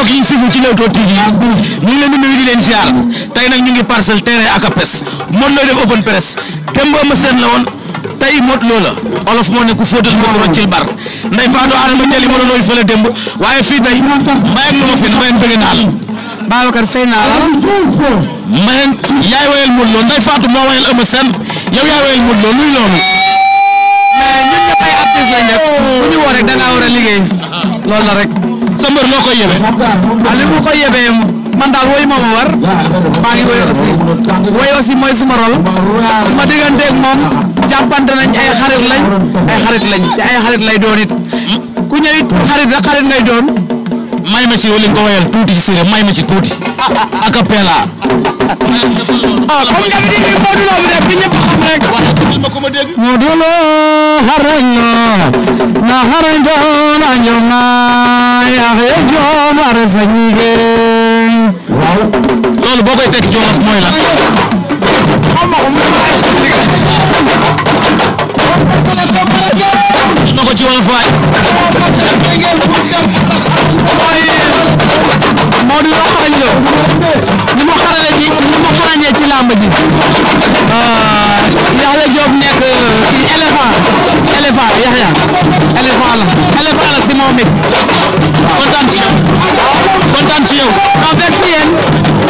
mbokk yi ñu suivre ci Leewtoo TV ñu ngi leen di nuyu di leen ziar tey nag ñu ngi parcelle terrain ak apes Modou Lo def open press démb ma seen la woon tey Modou Lo la olof moo ne ku fóotal mbokk roccil bar nday Fatou Adama Jalle ma doon fële démb waaye fii tey mbayam na ma fi mbayam bëgg naa la. Babacar fay naa la. mbayam yaay wayal Modou Lo nday Fatou moo wayal Eumeu Sène yow yaay wayal Modou Lo luy loolu. mais ñun ñëpp ay artistes lañ def bu ñu woo rek da ngaa war a liggéey loolu la rek. mbër noo koy yebe ah li mu koy yebe man daal woy moom a war maa ngi woy aussi woy aussi mooy suma rôle suma digganteeg moom jàppante nañ ay xarit lañ ay xarit lañ te ay xarit lay doon it ku ñëw it xarit rek xarit ngay doon. may ma ci wala nga ko tuuti ci séeréer may ma ci tuuti a cappella. ah comme nga di dégg Modou Lo bi rek bi ñëpp xam rek. Modou Lo haraño a refa ñige. waaw loolu boo koy teg joof mooy lan. xam nga ko mën naa expliqué. ko mooy Modou Lo xarañ Lo mu xaralee ci ni mu xarañee ci làmb ji euh, Yaxya Diop nekk ci éléphant éléphant Yaxya éléphant la éléphant la si moom it kontaan ci yow kontaan ci yow non benn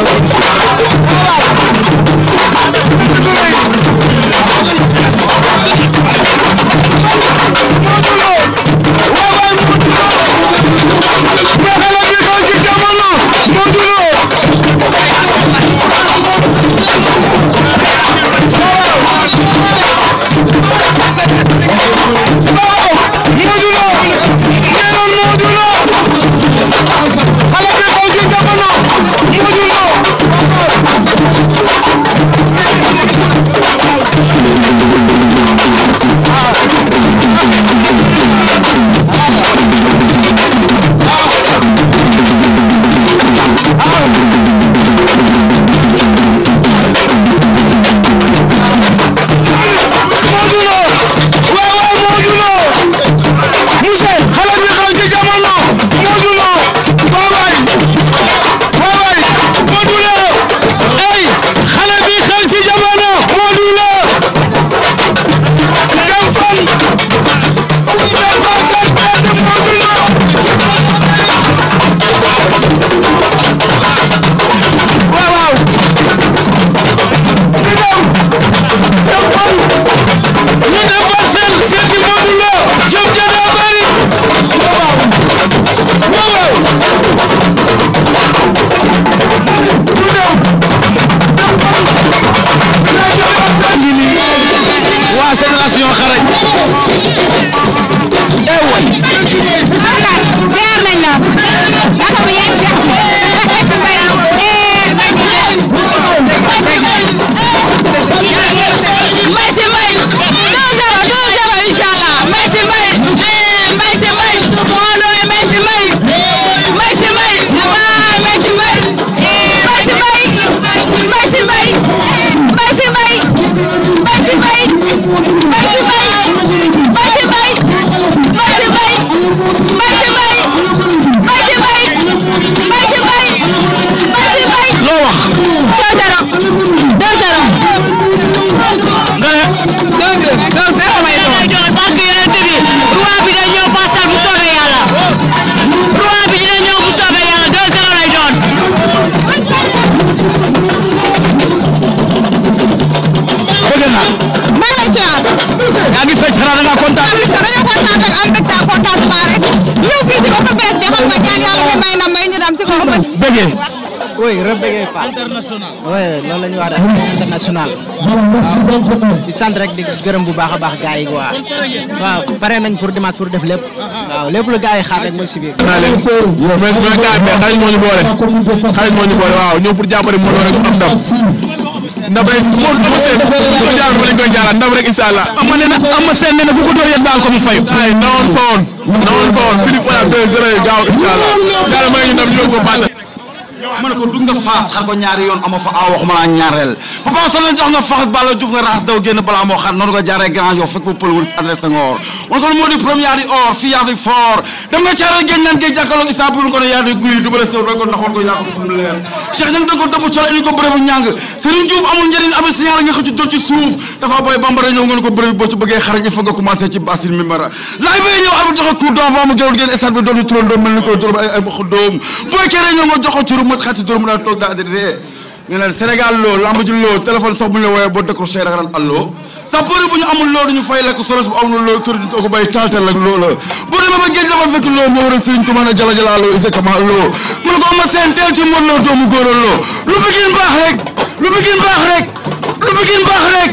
international. oui loolu la ñuy wax daal international. waaw sant rek di gërëm bu baax a baax gars yi waa waaw pare nañ pour dimanche pour def lépp. Ah, ah. waaw lépp lu gars yi xaar rek mooy si biir. naa leen mais mais gars yi mais xarit moo ñu boole. xarit moo ñu boole waaw ñëw pour jàppale moo doon rek am ndam. ndam rek moo moo seen moo jaar ba lañ koy jaaraat ndam rek incha allah. am na ko dóor yéen baal ko mu fayu. waaye nawoon fa woon nawoon fa woon Philippe Oya 2 0 gaaw incha allah yàlla may ñu ndam ñu ma a ko dugg nga faas xar ko ñaari yoon ama fa a waxuma a ñaareel papa Sow jox nga faas Balla Diouf nga raas daw génn balaa moo xar noonu nga jaaree grand yow fekk ko pël wëlis adresse nga or wan moo di première di or fii yaa fi fort dem nga ne yaa ko ndax fu mu leer Cheikh ña ngi ko nga xëcc ci ci suuf dafa booy bambara ñëw nga ne ko bërëb boo ci bëggee xarañ nga commencé ci basin mi laay bay ñëw arbitre joxe coup doom booy kere ñëw nga mat xati dóor mu daan toog daa adré ñu naan Sénégal loo lamb ji loo téléphone sax bu ñu la wooyee boo décroché da nga naan allo sapeur bu ñu amul loo duñu fay la ko solos bu amul loo kër ko bay taltal ak loo la boo demee ba géej dafa fekk loo moo war a sëriñ Tuubaa ne jala jala loo isakama loo mu ne ko ma seen teel ci mën loo doomu góoral loo lu bigin baax rek lu bigin baax rek lu bigin baax rek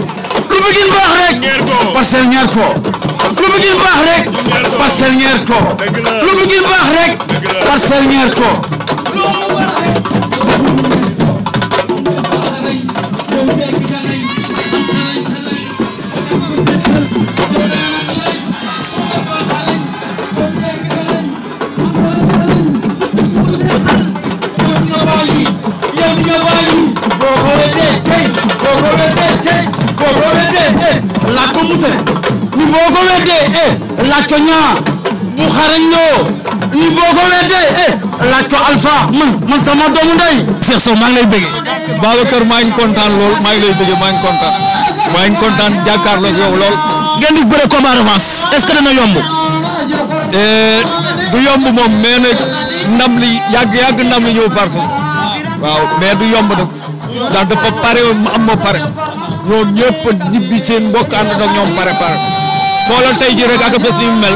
lu bigin baax rek parcelle ñeer ko lu bigin baax rek parcelle ñeer ko lu bigin baax rek parcelle ñeer ko ko muse ni boo ñaa bu xarañ loo ni boo ko weddee eh, eh man sama doomu ndey Cheikh Sow maa ngi lay bëggee Babacar maa ngi kontaan lool maa ngi lay maa ngi kontaan maa ngi kontaan jàkkaarloo ak yow lool ngeen di bëre combat revanche est yomb eh, du yomb moom mais nag ndam li yàgg yàgg ndam li ñëw parce waaw mais du yomb nag ndax dafa pare ma am moo pare ñoom ñëpp ñibbi seen mbokk ànd ak ñoom pare pare xoolal tey jii a ak bés yu mel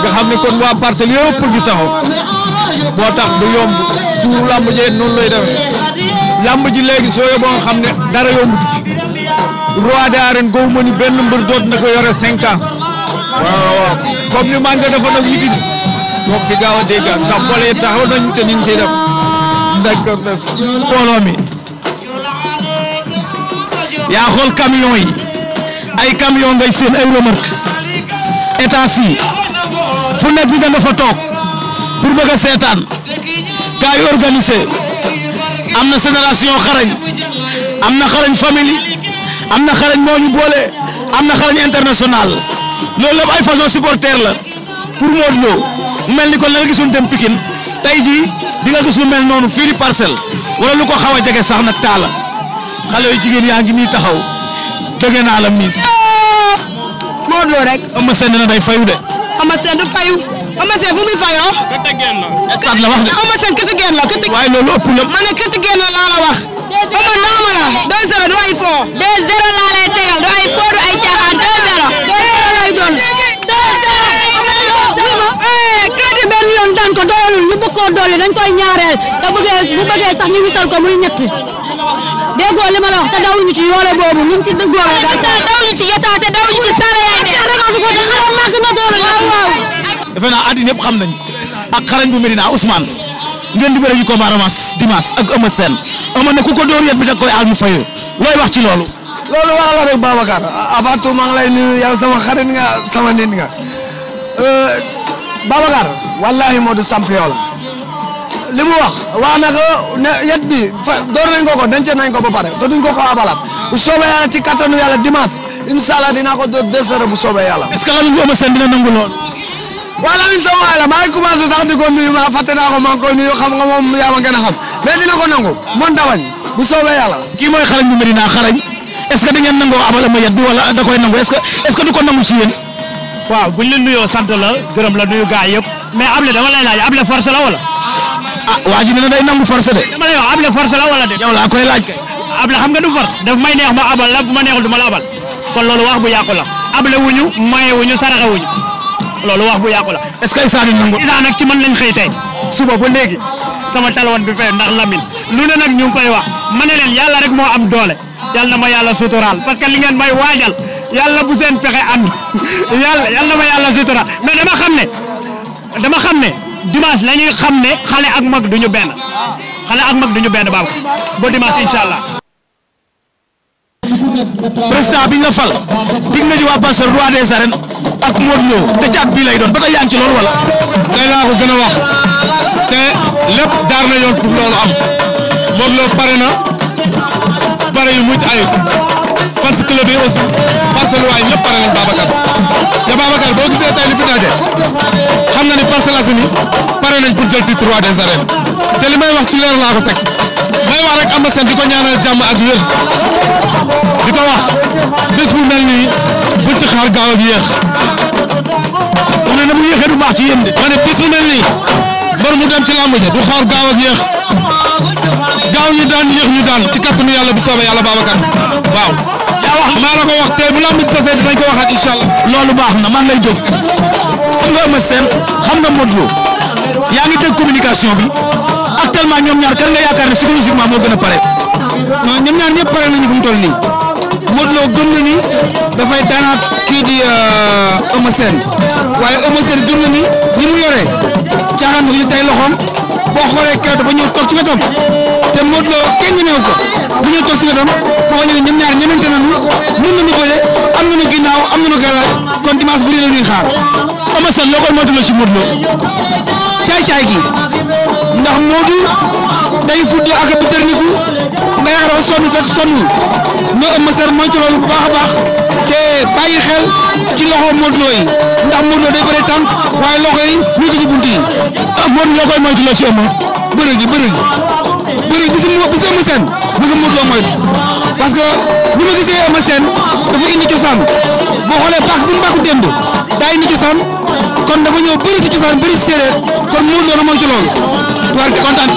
nga xam ne kon waa parcelle yëpp ñu taxaw moo tax du yomb su làmb ji noonu lay demee làmb ji léegi soo yóbboo xam ne dara yombut fi roi des arènes góobu ma ni benn mbër doot na ko yore cinq ans waaw comme ni man nga defoon ak yitini moom fi gaaw a dégg ndax boole taxaw nañu te niñ ciy def d'accord yaa xool camion yi ay camion ngay seen ay remorque état fu nekk da nga fa toog pour bëgg a seetaan gars am na génération xarañ am na xarañ famille am na xarañ moo ñu boole am na xarañ international loolu lépp ay façon supporter la pour Modou Lo mu mel ni ko la nga gisoon dem Pikine tey jii di nga gis lu mel noonu fii di parcelle wala lu ko xaw a jege sax na taala xale yu jigéen yaa ngi nii taxaw dëgg naa la miis. Modou Lo rek. Eumeu Sène dina day fayu de. Eumeu Sène du fayu. Eumeu Sène fu muy la. wax de Eumeu Sène këtt la. këtt waaye loolu la. ma ne la la wax. Eumeu naama la. 2-0 du ay foo. tegal du ay foo du doon. 2-0. Eh, këtt benn yoon daan ko doolul ñu koy ñaareel te bëggee bu bëggee sax ñu wisal ko muy ñetti. déggoo li ma la wax te ci yoole boobu ñu ci góor a daal ci yeta te dawuñu ci sala yaay ne ragal ko te xaram màgg na doole waaw waaw defe naa àddina yëpp xam nañ ak xarañ bu Medina Ousmane ngeen di bëre ñu combat ramas dimanche ak Eumeu Sène Eumeu ne ku ko dóor yet bi da koy aal mu fayu looy wax ci loolu loolu wax la rek Babacar avant tout lay nuyu yow sama xarit nga sama nit nga euh, Babacar wallahi Modou champion li mu wax wax na ko ne yet bi fa door nañ ko ko dencee nañ ko ba pare te duñ ko ko abalaat bu soobee yàlla ci kattanu yàlla dimanche incha allah ko doon décharé bu soobee yàlla. est ce que Lamine Goma Sène dina nangu lool. waaw Lamine sama la maa ngi commencé ko nuyu maa fàtte naa ko maa koy nuyu xam nga moom yaa ma gën a xam dina ko nangu mën dawañ bu soobee yàlla. kii mooy xarañ bu Medina xarañ est ce du ko nangu ci waaw buñ nuyoo sant la gërëm la nuyu gaay ah waa ji ne day nangu force de. dama lay wax ab la force de. yow laa koy laaj kay. xam nga du force daf may neex ma abal la bu ma neexul du ma la abal kon loolu wax bu yàqu la wu la wuñu maye wuñu saraxe wuñu loolu wax bu yàqu la. est-ce que Issa du nangu. Issa nag ci man lañ xëy tey suba ba léegi sama talwan bi fay ndax Lamine lu ne nag ñu ngi koy wax ma ne leen yàlla rek moo am doole yàlla na ma yàlla suturaal parce que li ngeen may waajal yàlla bu seen pexe ànd yàlla yàlla na ma yàlla suturaal mais dama xam ne dama xam ne dimanche la ñuy xam ne xale ak mag duñu benn xale ak mag duñu benn baab ba dimanche incha allah. président biñ la fal dig nga ji waa Parcelles roi des arènes ak Modou Lo te ci at bii lay doon ba tey yaa ngi ci loolu wala. tey laa ko gën a wax te lépp jaar na yoon pour loolu am Modou Lo pare na pare yu mucc ayib. fans club yi aussi parcelle waay ñëpp pare nañ Babacar te Babacar boo gisee tey fi daje xam na ni Parcelles pare nañ pour jël titre roi des arènes li may wax ci leer laa ko teg may wax rek am di ko ñaanal jàmm ak wér di ko wax bés mel nii buñ ci xaar gaaw ak na bu yéexee du baax ci mel nii mbër mu dem ci làmb ja du xaar gaaw ak yéex gaaw ñu daan ñu daan ci kàttanu yàlla bu soobee yàlla Babacar waaw laa wax maa la ko wax tey bu la amit passé dinañ ko waxaat incha allah. loolu baax na man lay jóg xam nga Eumeu Sène xam nga Modou yaa ngi dégg communication bi actuellement ñoom ñaar kan nga yaakaar ne psychologiquement moo gën a pare. non ñoom ñaar ñëpp pare nañu fu mu toll nii Modou Lo gëm na ni dafay daanaat kii di euh, Eumeu Sène waaye Eumeu Sène gëm na ni mu yore caaxaan yu tay loxoom boo xoolee keroog dafa ñëw toog ci wetam te Modou Lo kenn ñemewu revanche bu rëy la xaar. Eumeu loo koy moytuloo ci Modou caay caay gi ndax Modou day fudd ak a bitërniku nga yaakaar dafa sonn fekk sonnul nga Eumeu Sène bu baax a baax te bàyyi xel ci loxo Modou yi ndax Modou day bëre tànk waaye loxo yi ñu ngi ci bunt yi. Modou loo gi bëre gi bëre gi bu nga Modou Lo moytu parce que ni ma gisee Eumeu Sène dafa indi cosaan boo xoolee baax bu mu baaxu démb daa indi cosaan kon dafa ñëw bëri si cosaan bëri si séeréer kon Modou Lo na moytu loolu. tuwaat kontaan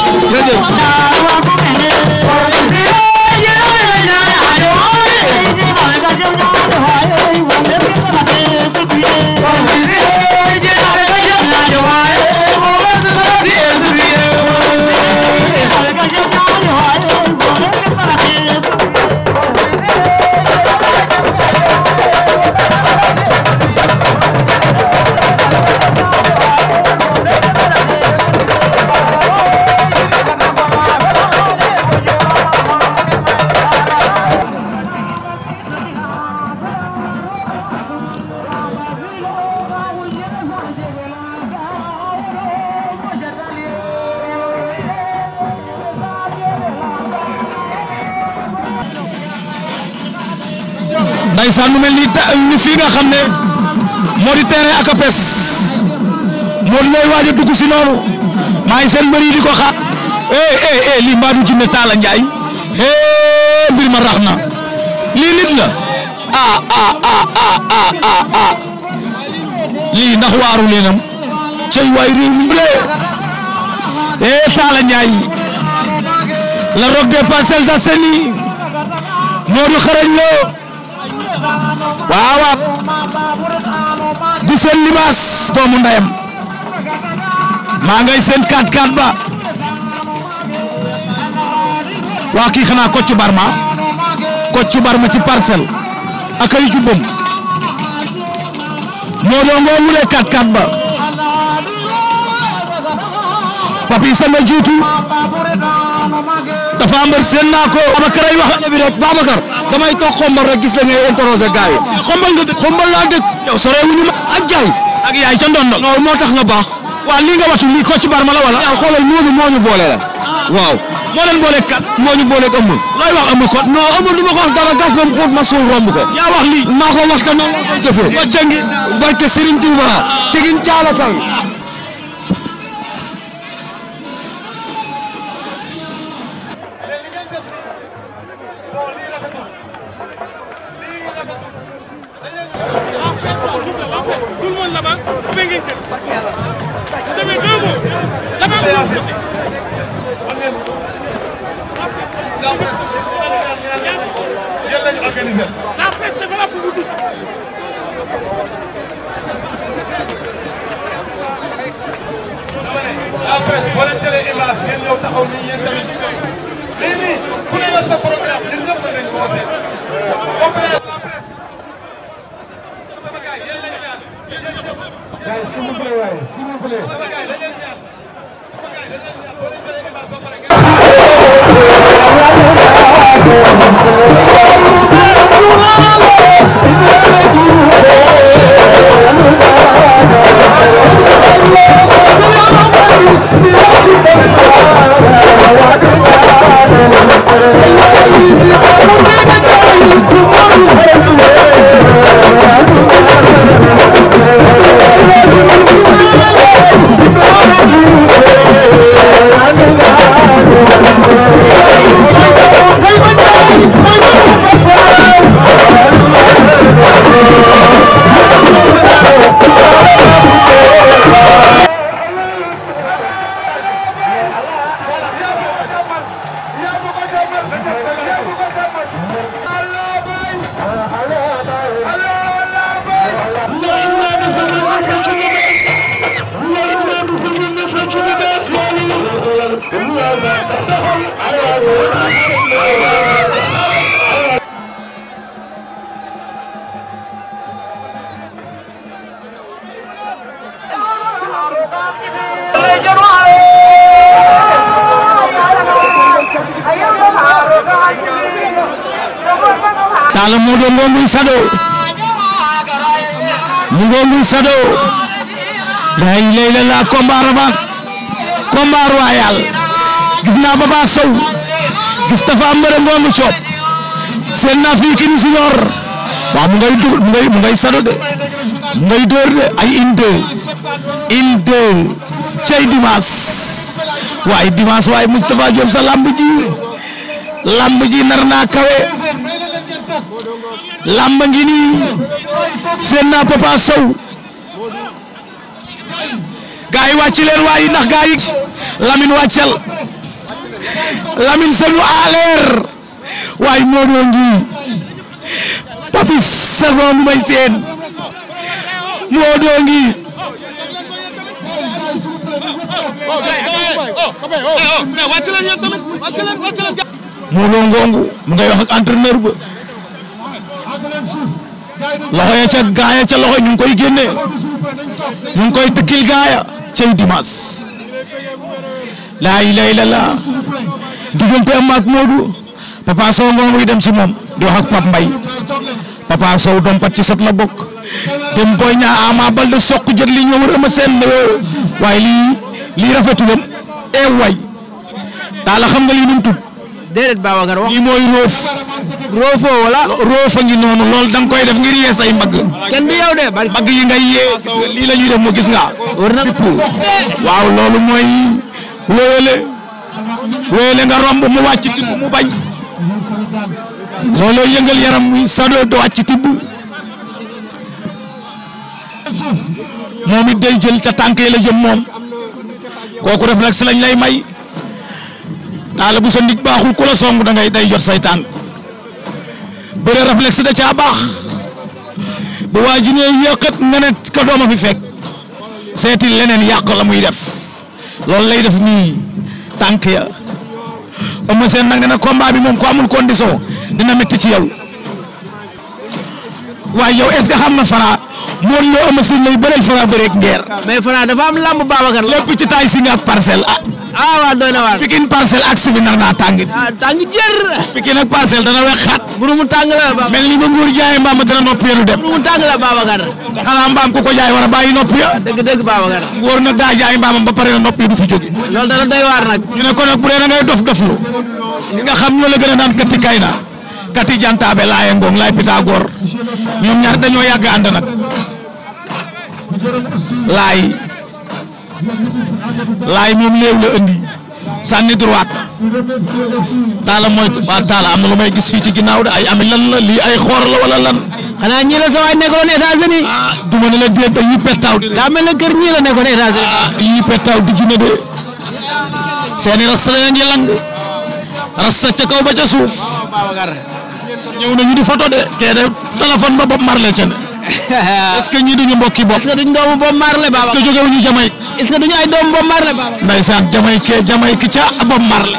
ndaysaan mu mel ni fii nga xam ne moo di terrain ak apes moo di lay waaj a dugg si noonu maa ngi seen mbër yi di ko xaar eh eh, eh lii mbaa du jinne Talla Ndiaye eh ma rax na lii nit la ah ah ah ah ah ah, ah. lii ndax waaru leenam cey waay réew mi mbiree eh Talla Ndiaye la roc des Parcelles moo di xarañ loo waaw di seen libaas doomu ndayam maa ngay seen 4-4 ba waa kii xanaa Kocc Barma Kocc Barma ci parcelle ak ay jubbam moo doon ngoo wulee 4 ba papi sama juutu dafa am seen naa ko. Babacar ay wax bi rek Babacar damay toog xombal rek gis la ngay interroger gars yi. xombal nga dëkk xombal laa dëkk. yow sorewuñu ma ak jaay. ak yaay ca ndondol. non moo tax nga baax. waaw watu lii ko ci bar ma la wala. yàlla xoolal moomu moo ñu ah. waaw moo leen boole kat. moo ñu boole amul. looy wax amul kon. non amul du ma ko wax gas ba mu ma suul romb ko. yaa wax wax te noonu la koy jëfee. ba jëngi barke Serigne Touba. cegin jaalakal. lañu organisé la presse dafa la pour tout la presse boo leen jëlee image ngeen ñëw taxaw ni yéen tamit lii nii ku ne yor sa programme ñun ñëpp mën nañu ko seet ba pare la presse sama gars yéen lañu ñaan yéen ñëpp gars s'il vous plaît waay s'il vous plaît sama gars dañu ñaan sama gars dañu ñaan taala mu do ngombuy sado mu ngombuy la ilaha illallah combat revanche combat gis naa Papa Sow gis Tafa Mbere Ngongu Coob seen naa fii kii ni si ñor waaw mu ngay dóor mu ngay sado de mu ngay dóor de ay inde inde cay dimanche waaye dimanche waaye Moustapha Diop sa lamb ji lamb ji nar naa kawe lamb ngi nii seen naa Papa Sow gaa yi leen waaye ndax gaa yi Lamine Lamine senu aleer waaye Modou ngi Papis Savon may seen Modou ngi Modou Ngongu mu ngay wax ak entraîneur ba loxo ya ca gaaya ca loxo ñu ngi koy génne ñu koy tëkkil gaaya cey Dimas laa ilaha illallah diggante am ak Modou Papa Sow ngoonguy dem si moom di wax ak Pape Mbaye Papa Sow doom pat ci sot la bokk dem Boy Niang Ama Baldé soq jël li ñoo war a seen nuyoo waaye lii daal eh la xam nga lii nu mu tudd déedéet Babacar wax lii mooy roof roofoo wala roofa ngi noonu loolu da koy def ngir yee say mbagg kenn yi ngay yee lii la ñuy def moo gis nga waaw loolu mooy wéwélé wéwélé nga romb mu wàcc tibb mu bañ looloo yëngal yaram muy sado do wàcc tibb moom it day jël ca tànk yi la jëm moom kooku réflexe lañ lay may daal bu sa ndig baaxul ku la song da ngay day jot say tànk bëre réflexe da caa baax bu waa ji ne yëqat nga ne ko dooma fi fekk seeti leneen yàq la muy def. loolu lay def nii tànk ya Eumeu Sène nag nee na combat bi moom ko amul condition dina métti ci yow waaye yow est que xam na Fara Modou Lo Eumeu Sène lay bëreel Fara bëreeg ngeer mais Fara dafa am lamb Babacar lépp ci taay si nga ak parcelle ah. ah waaw doy na waar Pikine parcelle axe bi ndax ah, dana wex xat. mburu mu tàng la Babacar mel ni ba nguur jaayee mbaam dana noppi lu dem. mburu mu tàng la Babacar. te xanaa mbaam ku ko jaay war a bàyyi noppi ya. dëgg dëgg Babacar. nguur nag daa jaay pare na noppi du fi jóge. loolu dana doy waar nag. ñu ko nag bu dee ngay dof dof lu nga xam ñoo la gën a naan kati jantaabe laaye ngoog laay Pythagore ñoom ñaar dañoo yàgg ànd nag laay laay moom léew la andi sànni droite taala mooy waa taala am lu may gis fii ci ginnaaw de ay ami lan la lii ay xoor la wala lan. xanaa ñii la sa waay nekkoon états ah, la déet dañuy pettaaw de. daa mel ne kër ñii la nekkoon États-Unis. ah yii pettaaw di de seen i rasta la ngi lang ca kaw ba ca suuf ñëw nañu di photo de. kee de téléphone ba bopp marle ca est-ce que ñi duñu mbokki bopp. est que duñu doomu Bob Marley Baba. est-ce que jóge wuñu Jamaïque. que duñu ay doomu Bob Marley Baba. ndeysaan Jamaïque Jamaïque ca Bob Marley.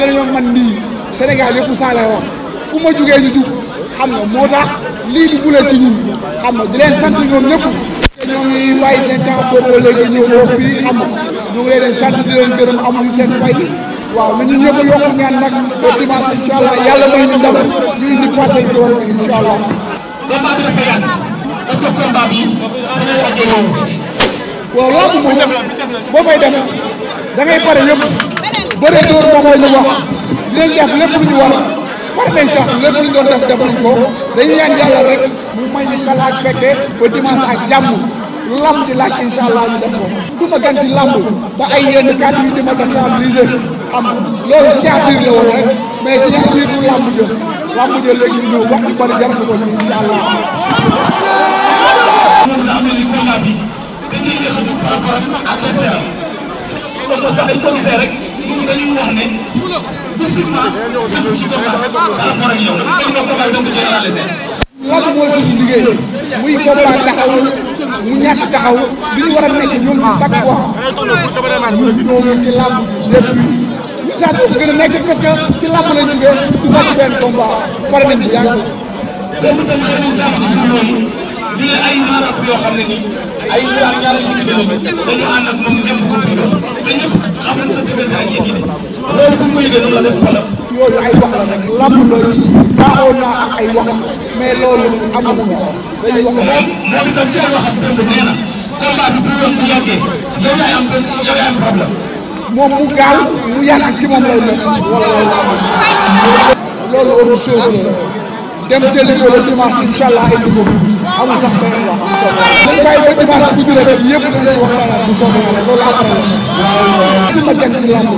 ne dañoo man lii Sénégal yëpp saa lay wax fu ma jugee di dugg xam nga moo tax lii di bulee ci ñun xam nga di leen sant ñoom ñëpp te ñoo ngi bàyyi seen temps boobu léegi ñëw fii xam nga ngi leen sant di leen gërëm amuñu seen fay waaw na ñu ñëpp a yokk ñaan nag ba dimanche incha allah yàlla may ñu ndam ñu indi passé doon incha allah combat bi dafa yàgg parce que combat bi dañoo yàgg boo fay def da pare yëpp bëree door moom la ñu wax dinañ def lépp lu ñu war war sax lépp lu ñu doon def ko dañu ñaan yàlla rek mu may ñu kalaat fekkee ba dimanche ak jàmm lamb di laaj incha allah ñu def ko du ma gan ci lamb ba ay yenn kàddu yi di la woon rek mais signature bu lamb jë lamb jë léegi ñu ñëw wax ñu bari jar ko ci incha allah. bi dañuy yëngatu par rapport ak adversaire ñun dañuy wax ne physiquement dañu ci doxal par rapport ak yow dañu ko combat donc day réalisé. loolu mooy suñu liggéey muy combat taxaw mu ñàkk taxaw bi ñu war a nekk ñoom ñu chaque fois ñun ñoo ci làmb depuis saa boobu gën a nekk parce que ci làmb la jógee du bokk benn combat pare nañ ci yàgg. ñu ne ay maarab yoo xam ne nii ay ñaar ñaar yi ñu dañu ànd ak moom ñëpp ko bu doon mais ñëpp xam nañ sa diggante ak yéegi ne loolu bu ñu ko yëgee noonu la def falam. yooyu ay wax la rek lamb loolu baaxoon naa ak ay wax mais loolu amuñu ko. dañuy wax moom moom itam ci ay waxam dëgg nee na combat bi bu yoon bu yàggee yow yaay am benn yow yaay am problème. moom mu gaaw mu yàgg ci moom lay métti. loolu loolu chose la dem jëli ko le dimanche incha allah indi ko. amul sax benn wax dañ bàyyi ba dimanche bu jure rek yëpp dañ ci waxtaan bu soobee yàlla loolu après la ci ma gën ci làmb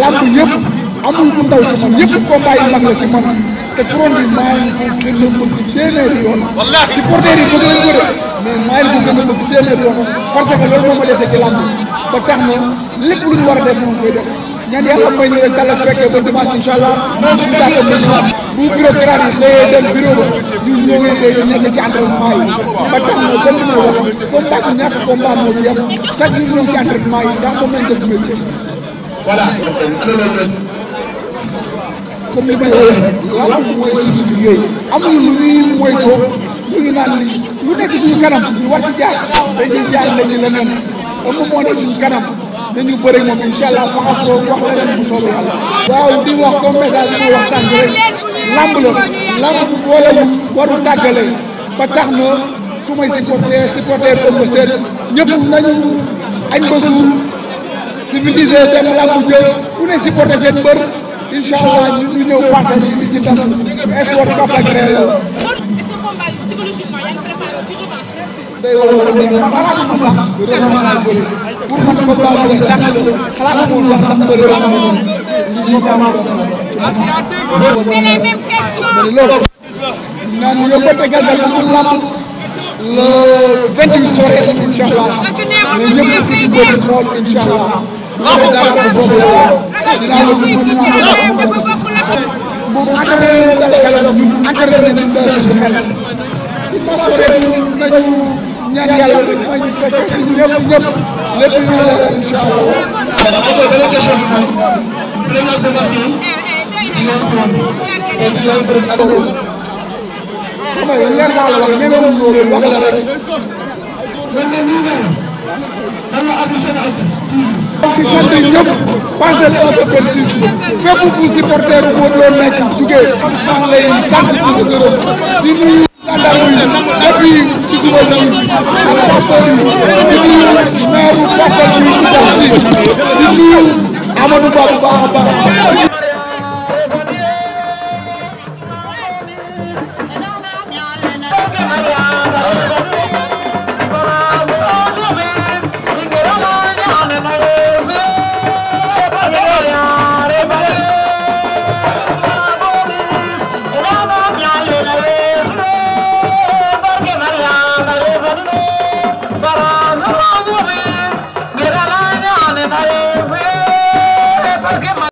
làmb yëpp amul bu ndaw ci man te couronne bi maa a bëgg a bëgg téeméeri yoon parce que loolu moo ma dese ci làmb ba tax na lépp lu ñu war a def moom koy def ñaan yàlla may ñu rek ak fekkee ba dimanche incha allah bu bureaucratie xëyee dem bureau ba ñu ñëwee léegi nekk ci entraînement yi ba tax na comme li ma wax combat bi ñàkk combat moo ci yem chaque jour ñu ci entraînement yi ndax moom lañ def métier. voilà. comme li may wax rek làmb mooy suñu liggéey amul lu ñuy moytoo ñu ngi naan lu nekk suñu kanam ñu war ci jaar dañuy jaar nekk leneen ëmb moo ne suñu kanam. nañu bëri moom incha allah faxas ko wax la di wax comme message bi su may supporter supporter Eumeu Sène ñëpp nañu añ ba suur civilisé dem lamb ku ne supporter seen mbër incha allah ñu ñëw partage bi ci tam sport Kaffrine la. a a neex xam pour man ko baaxee sax xalaat amul wax am solo am lii damaa ko loolu naan yóbbante Garga amul lamal le 28 soirée incha allah mais ñëpp ci di bëgg xool incha allah loolu daal la ko soobee dinaa la dugg dinaa la bu encadré dale kanam ñun encadré nañu suñu xel ñaan yàlla ñu may ñu fekkee ñëpp ñëpp lépp ñu ne la incha allah. encore beneen question bi mooy première démarqué di leen xool te di leen bëri ak loolu. xam nga leer naa la wax ñemewul loolu wax la rek. man de nii nee na dama àgg seen àgg. donc di sant ñëpp parcelle entreprise fépp fu supporter bu nekk jugee maa ngi lay sant di gërëm di nuyu gendarme yi depuis ci suba bi bu baax a baax Thank